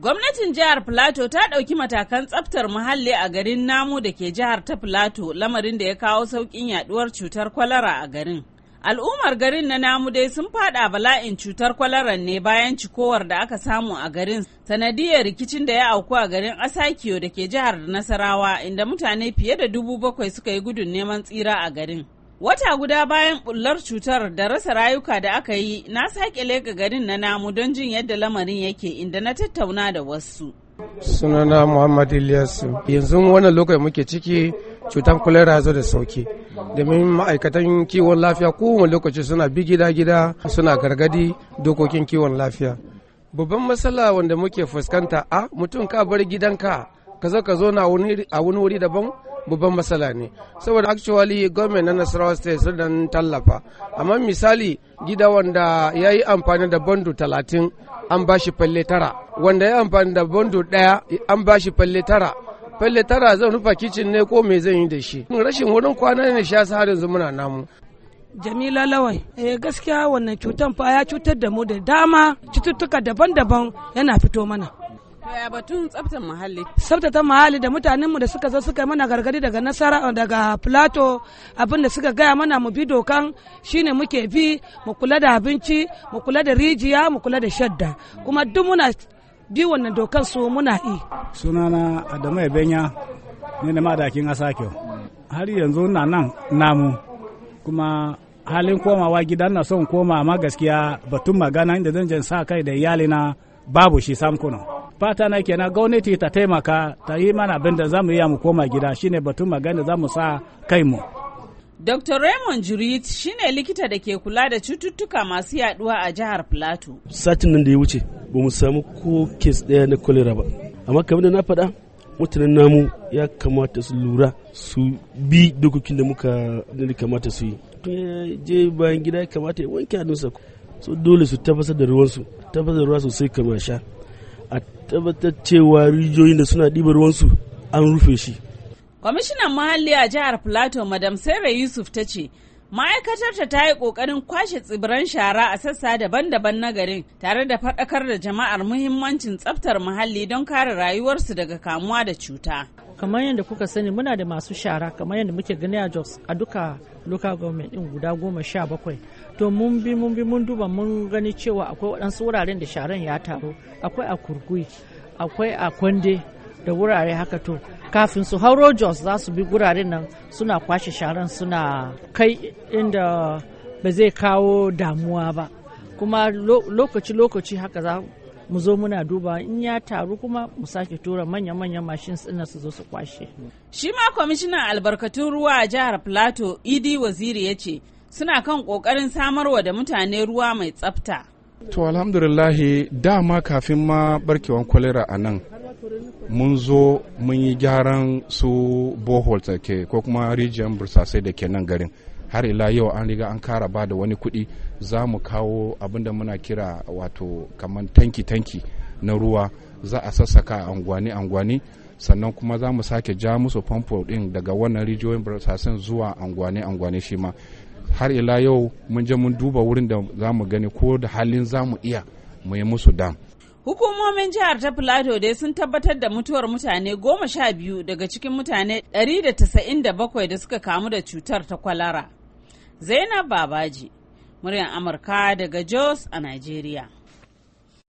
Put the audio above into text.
Gwamnatin jihar Filato ta ɗauki matakan tsaftar muhalli a garin Namu da ke jihar ta Filato lamarin da ya kawo sauƙin yaɗuwar cutar kwalara a garin. Al'ummar garin na Namu dai sun fada bala'in cutar kwalara ne bayan cikowar da aka samu a garin sanadiyar rikicin da ya auku a garin Asakiyo da ke jihar Nasarawa inda mutane fiye da dubu bakwai suka yi gudun neman tsira a garin. Wata guda bayan bullar cutar da rasa rayuka da aka yi, na sake leka garin na namu don jin yadda lamarin yake inda na tattauna da wasu. Sunana Muhammad Ilyasu. Yanzu wannan lokacin muke ciki cutar kulera zo da sauki. Domin ma'aikatan kiwon lafiya kowane lokaci suna bi gida-gida suna gargadi dokokin kiwon lafiya. Babban matsala wanda muke fuskanta a mutum ka bar gidanka ka zo ka zo na a wani wuri daban babban matsala ne saboda actually gwamnati na nasarawa state sun dan tallafa amma misali gida wanda ya yi amfani da bandu talatin an ba shi falle tara wanda ya yi amfani da bandu daya an ba shi falle tara falle tara zan nufa kicin ne ko me zan yi da shi rashin wurin kwana ne shi yasa har yanzu muna namu Jamila Lawai, eh, gaskiya wannan cutan fa ya cutar da mu da dama cututtuka daban-daban yana fito mana. Ya batun tsaftar muhalli. Tsaftar muhalli da mutanenmu da suka zo suka mana gargadi daga nasara daga plato abin da suka gaya mana mu bi dokan shine muke bi mu kula da abinci mu kula da rijiya mu kula da shadda kuma duk muna bi wannan dokan su muna yi. Sunana Adamu Ebenya ne na madakin Asakio. Har yanzu na nan namu kuma halin komawa gidan na son koma amma gaskiya batun magana inda zan jan sa kai da iyalina babu shi samkunan. fata na kenan gwamnati ta taimaka ta yi mana abin da za mu iya mu koma gida shine batun magana za mu sa kai mu Dr. Raymond Jurit shine likita da ke kula da cututtuka masu yaduwa a jihar Plateau. Satin nan da ya wuce ba mu samu ko kes ɗaya na kolera ba. Amma kamar da na faɗa mutanen namu ya kamata su lura su bi dokokin da muka da kamata su yi. je bayan gida ya kamata ya wanke hannunsa. So dole su tabbatar da ruwansu, tabbatar da ruwa sosai kamar sha. a tabbatar cewa rijiyoyin da suna ɗiba ruwansu an rufe shi. Kwamishinan Muhalli a jihar Plateau Madam sere Yusuf ta ce ma'aikatarta ta yi ƙoƙarin kwashe tsibiran shara a sassa daban-daban na garin tare da faɗakar da jama'ar muhimmancin tsaftar muhalli don kare rayuwarsu daga kamuwa da cuta. kamar yadda kuka sani muna da masu shara kamar yadda muke gani a jos a duka local government din guda goma sha bakwai to mun bi mun bi mun duba mun gani cewa akwai waɗansu wuraren da sharan ya taru akwai a kurgui akwai a kwande da wurare haka to kafin su hauro jos za su bi wuraren nan suna kwashe sharan suna kai inda ba zai kawo damuwa ba kuma lokaci-lokaci haka za mu zo muna duba in ya taru kuma mu sake tura manya-manyan mashin suna su zo su kwashe. Shi ma kwamishinan albarkatun ruwa a jihar Plateau Idi Waziri ya ce suna kan ƙoƙarin samarwa da mutane ruwa mai tsafta. To alhamdulillahi dama kafin ma barkewan kwalera a nan mun zo mun yi gyaran su bohol ke ko kuma rijiyar bursasai da ke nan garin har ila yau an riga an kara ba da wani kuɗi za mu kawo abinda muna kira wato kamar tanki-tanki na ruwa za a sassaka angwani-angwani sannan kuma za mu sake ja musu famfo ɗin daga wannan rijiyoyin burtsatsin zuwa angwani-angwani shi ma har ila yau mun je mun duba wurin da za mu gani ko da halin za mu iya mu yi musu dam Hukumomin jihar ta Filato dai sun tabbatar da mutuwar mutane goma sha biyu daga cikin mutane 197 da suka kamu da cutar ta kwalara. Zainab Babaji, muryar Amurka daga Jos a Najeriya.